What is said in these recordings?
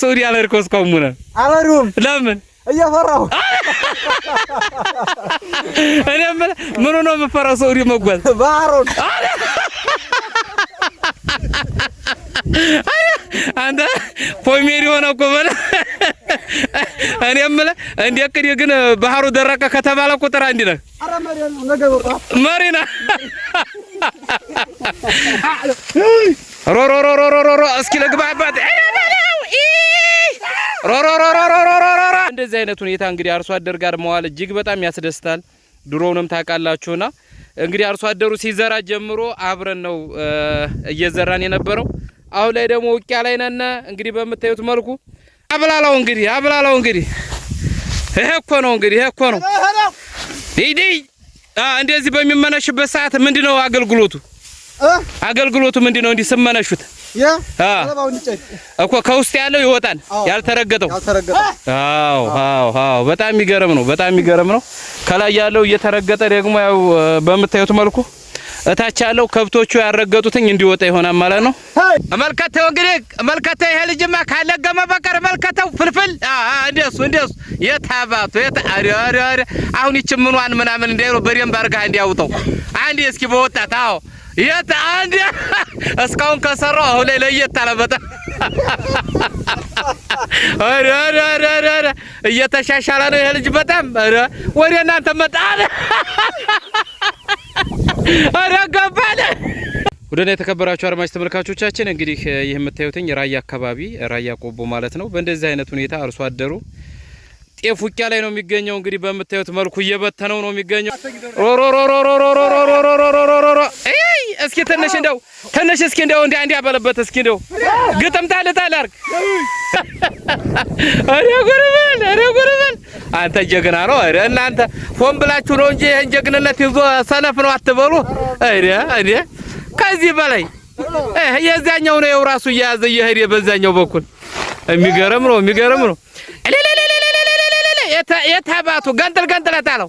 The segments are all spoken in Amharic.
ሰዑዲ አልሄድከው እስካሁን ሙነ ለምን? እየፈራሁ እኔ ምን ምን ነው የምፈራው? ሰዑዲ መጓዝ ባህሩን አንተ ኮሜዲ ሆነ እኮ በለ። እኔ የምልህ እንደ እቅዴ ግን ባህሩ ደረቀ ከተባለ ቁጥር አንድ ነህ። መሪ ነህ። ሮሮሮሮሮሮ እስኪ ልግባበት እንደዚህ አይነት ሁኔታ እንግዲህ አርሶ አደር ጋር መዋል እጅግ በጣም ያስደስታል። ድሮውንም ታውቃላችሁና እንግዲህ አርሶ አደሩ ሲዘራ ጀምሮ አብረን ነው እየዘራን የነበረው። አሁን ላይ ደግሞ ውቂያ ላይ ነን። እንግዲህ በምታዩት መልኩ አብላላው እንግዲህ አብላላው እንግዲህ ይሄ እኮ ነው እንግዲህ ይሄ እኮ ነው። እንደዚህ በሚመነሽበት ሰዓት ምንድነው አገልግሎቱ? አገልግሎቱ ምንድን ነው? እንዲህ ስመነሹት እኮ ከውስጥ ያለው ይወጣል፣ ያልተረገጠው። አዎ አዎ አዎ። በጣም የሚገርም ነው፣ በጣም የሚገርም ነው። ከላይ ያለው እየተረገጠ ደግሞ ያው በምታዩት መልኩ እታች ያለው ከብቶቹ ያረገጡትኝ እንዲወጣ ይሆናል ማለት ነው። እመልከተው እንግዲህ እመልከተው፣ ይሄ ልጅማ ካለገመ በቀር እመልከተው፣ ፍልፍል እንደሱ እንደሱ የታባቱ የታ አሪ አሪ አሁን ይች ምኗን ምናምን እንዳይሮ በደንብ አድርገህ እንዲያውጣው አንዴ እስኪ በወጣት አዎ የት አንድ እስካሁን ከሰራው አሁን ላይ ለየት አለ ኧረ ኧረ ኧረ እየተሻሻለ ነው ይሄ ልጅ በጣም ወደ እናንተ መጣ አረጋባለ ውድና የተከበራችሁ አድማጭ ተመልካቾቻችን እንግዲህ ይህ የምታዩትኝ ራያ አካባቢ ራያ ቆቦ ማለት ነው። በእንደዚህ አይነት ሁኔታ አርሶ አደሩ ጤፍ ውቂያ ላይ ነው የሚገኘው። እንግዲህ በምታዩት መልኩ እየበተነው ነው የሚገኘው። እስኪ ትንሽ እንደው ትንሽ እስኪ እንደው እንዲያ እንዲያ በለበት እስኪ እንደው ግጥም ጣል ጣል አድርግ። ኧረ ጉድ በል ኧረ ጉድ አንተ ጀግና ነው። ኧረ እናንተ ሆን ብላችሁ ነው እንጂ ይሄን ጀግንነት ይዞ ሰነፍ ነው አትበሉ። ኧረ ኧረ ከዚህ በላይ የዛኛው ነው የውራሱ ራሱ እየያዘ እየሄደ በዛኛው በኩል የሚገርም ነው የሚገርም ነው። የታባቱ ገንጥል ገንጥል አታለው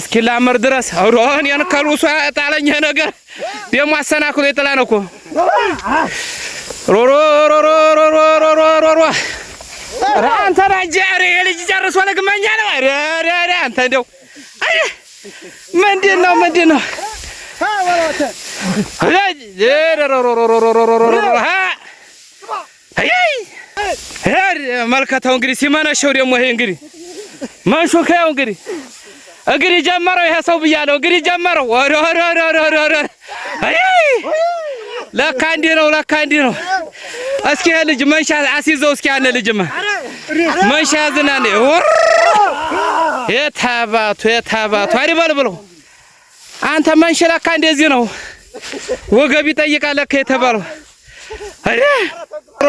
እስኪላመር ድረስ አውሮን የንከሩሶ ያጣለኝ ነገር ደሞ አሰናክሎ የጥላን እኮ ሮሮ ሮሮ ሮሮ ሮሮ ሮሮ አንተ ባጃሪ የልጅ ጨርሶ ለግመኛ ነው። አረ አረ አንተ እንደው አይ ምንድን ነው ምንድን ነው? መልከተው እንግዲህ ሲመነሸው ደግሞ ይሄ እንግዲህ መንሹ ከያው እንግዲህ እንግዲህ ጀመረው ይሄ ሰው ብያለሁ። እንግዲህ ጀመረው። ወደ ወደ ወደ ወደ ለካ እንዲህ ነው፣ ለካ እንዲህ ነው። እስኪ ይሄ ልጅ መንሻ አስይዘው። እስኪ ያለ ልጅማ መንሻ ያዝና ነው የታባቱ የታባቱ አይደል በል ብለው አንተ መንሽ ለካ እንደዚህ ነው ወገብ ይጠይቃል ለካ የተባለው አይደል ሮ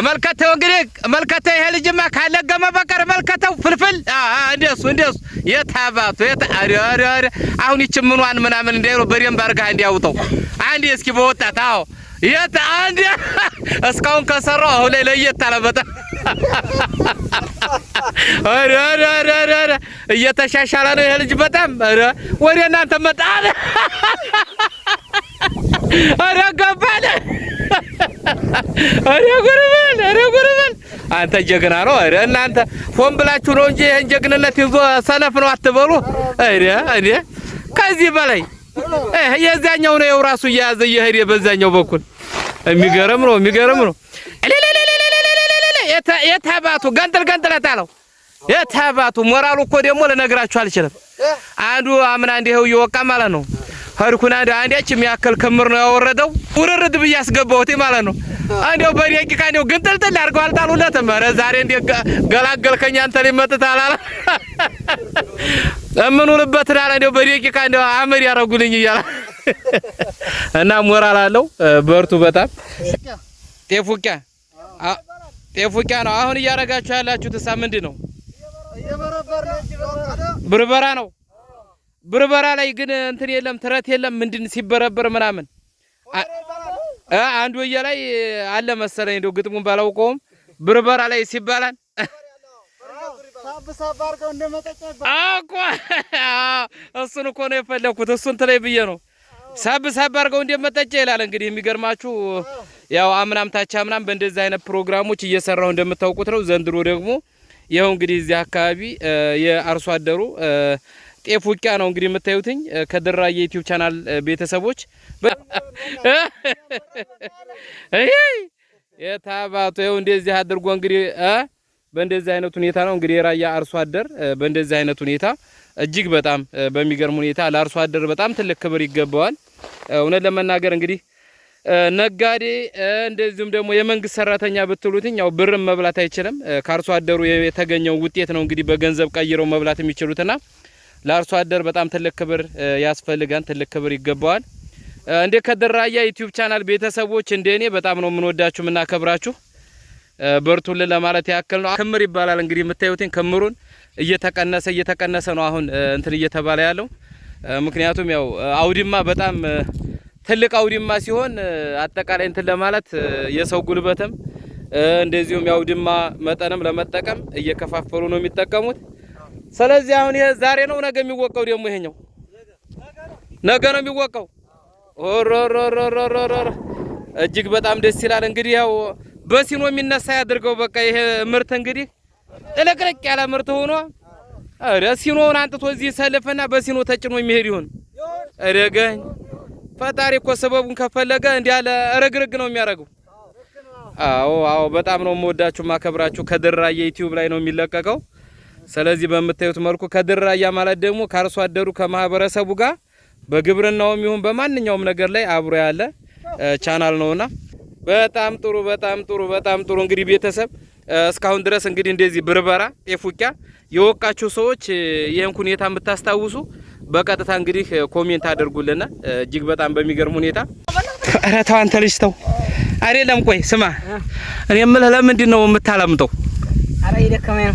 እመልከተው እንግዲህ እመልከተው፣ ይሄ ልጅማ ካለገመ በቀር እመልከተው ፍልፍል እንደሱ እንደሱ የታባቱ አሁን ይች ምኗን ምናምን እንዳይሮ በደንብ አድርገህ እንዲያውጠው አንዴ እስኪ በወጣት አዎ የት አንድ እስካሁን ከሰራው አሁን ላይ ለየት አለ በጣም እየተሻሻለ ነው ይሄ ልጅ በጣም ወደ እናንተ መጣ ኧረ ገባለ ኧረ ጉርበል ኧረ ጉርበል አንተ ጀግና ነው። ኧረ እናንተ ሆን ብላችሁ ነው እንጂ ይሄን ጀግንነት ይዞ ሰነፍ ነው አትበሉ። ኧረ እኔ ከዚህ በላይ የዛኛው ነው የራሱ እየያዘ እየሄደ በዛኛው በኩል የሚገርም ነው የሚገርም ነው። የተባቱ ገንጥል ገንጥል ታለው የተባቱ ሞራሉ እኮ ደግሞ ልነግራችሁ አልችልም። አንዱ አምና እንዲህ እየወቃ ማለት ነው ሄድኩና እንዲያው አንዲያች የሚያክል ክምር ነው ያወረደው። ውርርድ ብዬ አስገባሁት ማለት ነው። እንዲያው በደቂቃ እንዲያው ግን ጥልጥል አድርገው አልጣሉለትም። ኧረ ዛሬ እንደ ገላገልከኝ አንተ ሊመጥታ አላለ እምንውልበት ዳር እንዲያው በደቂቃ እንዲያው አመድ ያደረጉልኝ እያለ እና ሞራል አለው። በርቱ። በጣም ጤፍ ውቂያ ነው አሁን እያደረጋችሁ ያላችሁት። እሳ ምንድን ነው? ብርበራ ነው። ብርበራ ላይ ግን እንትን የለም ትረት የለም ምንድን ሲበረበር ምናምን አንድ ወያ ላይ አለ መሰለኝ እንደው ግጥሙን ባላውቀውም ብርበራ ላይ ሲባላል እኮ እሱን እኮ ነው የፈለኩት። እሱን ትለይ ብዬ ነው ሳብ ሳብ አድርገው እንደመጠጫ ይላል። እንግዲህ የሚገርማችሁ ያው አምናም ታች አምናም በእንደዚህ አይነት ፕሮግራሞች እየሰራው እንደምታውቁት ነው። ዘንድሮ ደግሞ ይኸው እንግዲህ እዚህ አካባቢ የአርሶ አደሩ ጤፍ ውቂያ ነው እንግዲህ የምታዩትኝ ከድራ የዩቲዩብ ቻናል ቤተሰቦች የታባቱ ይኸው እንደዚህ አድርጎ እንግዲህ በእንደዚህ አይነት ሁኔታ ነው እንግዲህ የራያ አርሶ አደር በእንደዚህ አይነት ሁኔታ እጅግ በጣም በሚገርም ሁኔታ ለአርሶ አደር በጣም ትልቅ ክብር ይገባዋል። እውነት ለመናገር እንግዲህ ነጋዴ እንደዚሁም ደግሞ የመንግስት ሰራተኛ ብትሉትኝ ያው ብርም መብላት አይችልም። ከአርሶ አደሩ የተገኘው ውጤት ነው እንግዲህ በገንዘብ ቀይረው መብላት የሚችሉትና ለአርሶ አደር በጣም ትልቅ ክብር ያስፈልጋል፣ ትልቅ ክብር ይገባዋል። እንደ ከድራያ ዩቲዩብ ቻናል ቤተሰቦች እንደ እኔ በጣም ነው የምንወዳችሁ የምናከብራችሁ። በርቱልን ለማለት ያክል ነው። ክምር ይባላል እንግዲህ የምታዩትን ክምሩን እየተቀነሰ እየተቀነሰ ነው አሁን እንትን እየተባለ ያለው ምክንያቱም ያው አውድማ በጣም ትልቅ አውድማ ሲሆን አጠቃላይ እንትን ለማለት የሰው ጉልበትም እንደዚሁም የአውድማ መጠንም ለመጠቀም እየከፋፈሉ ነው የሚጠቀሙት። ስለዚህ አሁን ይሄ ዛሬ ነው ነገ የሚወቀው ደግሞ ይሄኛው ነገ ነው የሚወቀው። ኦሮሮሮሮሮሮ እጅግ በጣም ደስ ይላል። እንግዲህ ያው በሲኖ የሚነሳ ያድርገው። በቃ ይሄ ምርት እንግዲህ ጥልቅልቅ ያለ ምርት ሆኖ አረ ሲኖውን አንጥቶ እዚህ ሰልፍና በሲኖ ተጭኖ የሚሄድ ይሁን አደገኝ። ፈጣሪ እኮ ሰበቡን ከፈለገ እንዲህ ያለ ርግርግ ነው የሚያደርገው። አዎ አዎ፣ በጣም ነው የምወዳችሁ ማከብራችሁ። ከድራ የዩቲዩብ ላይ ነው የሚለቀቀው። ስለዚህ በምታዩት መልኩ ከድር ማለት ደግሞ ከአርሶ አደሩ ከማህበረሰቡ ጋር በግብርናውም ይሁን በማንኛውም ነገር ላይ አብሮ ያለ ቻናል ነውና በጣም ጥሩ በጣም ጥሩ በጣም ጥሩ። እንግዲህ ቤተሰብ እስካሁን ድረስ እንግዲህ እንደዚህ ብርበራ ጤፉቂያ የወቃችሁ ሰዎች ይህን ሁኔታ የምታስታውሱ በቀጥታ እንግዲህ ኮሜንት አድርጉልና እጅግ በጣም በሚገርም ሁኔታ ኧረ ተው አንተ ልጅ ተው። አይደለም ቆይ ስማ፣ እኔ የምልህ ለምንድን ነው የምታለምጠው? ይደከመኝ ነው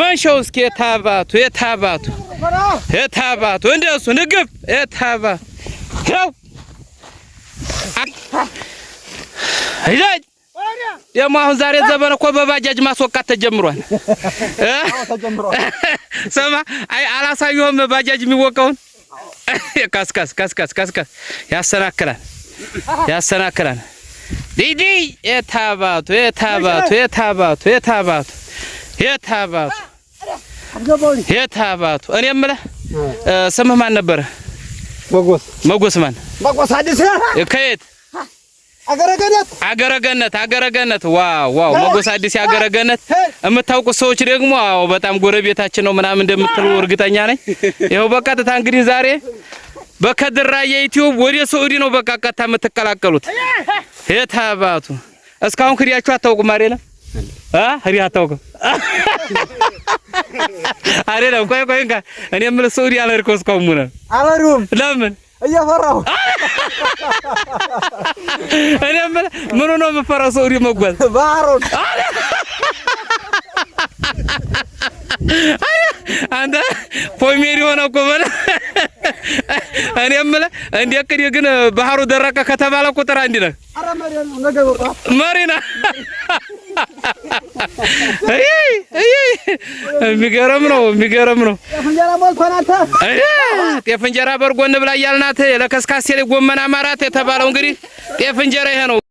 መንሻው እስኪ የታባቱ የታባቱ የታባቱ እንደሱ ንግፍ የታባቱ ያው አይደል ደግሞ አሁን ዛሬ ዘመን እኮ በባጃጅ ማስወቃት ተጀምሯል። ስማ አይ አላሳየሁም። ባጃጅ የሚወቀውን ቀስቀስ ቀስቀስ ቀስቀስ ያሰናክላል፣ ያሰናክላል። ዲዲ የታባቱ የታባቱ የታባቱ የታባቱ የት አባቱ የት አባቱ። እኔ የምልህ ስምህ ማን ነበረ? መጎስ መጎስ። ማን መጎስ? አዲስ ከየት አገረገነት አገረገነት ዋው ዋው! መጎስ አዲስ አገረገነት። የምታውቁት ሰዎች ደግሞ አዎ፣ በጣም ጎረቤታችን ነው ምናምን እንደምትሉ እርግጠኛ ነኝ። ይኸው በቀጥታ እንግዲህ ዛሬ በከድራ የዩቲዩብ ወደ ሰዑዲ ነው በቃ ቀጥታ የምትቀላቀሉት። የት አባቱ። እስካሁን ክዲያችሁ አታውቁም አይደለም? ህሪ አታውቅም አይደለም። ቆይ ቆይ እንካ እኔ የምልህ ሰዑዲ አልሄድከው እስካሁን ሙነ አልሄድኩም። ለምን እየፈራሁ እኔ የምልህ ምኑ ነው የምፈራው? ሰዑዲ መጓዝ ባህሩን አንተ ፖሜሪ ሆነ እኮ በለ እኔ እንደ ግን ባህሩ ደረቀ ከተባለ ቁጥር አንድ ነህ። መሪ ነህ። የሚገርም ነው፣ የሚገርም ነው። ጤፍ እንጀራ በርጎ ብላ እያልናት ለከስካሴ ላይ የተባለው እንግዲህ ጤፍ እንጀራ ይሄ ነው።